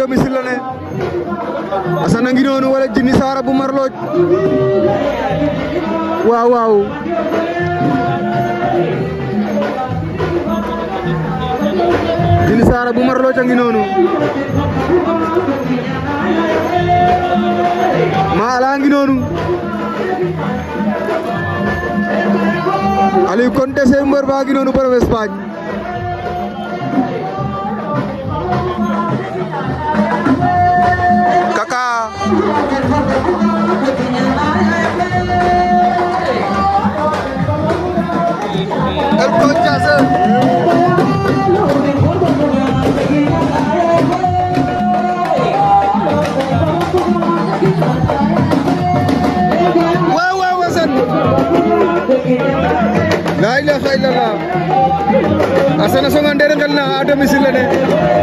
domicile la ne Assane a noonu wala Jini Saara bu Marlooj waaw waaw Jini Saara bu Marlooj a ngi noonu maa laa ngi noonu Aliou Konte baa ngi noonu borom Espagne لا اله الا الله حسن سون انديرن قالنا ادم سيلنه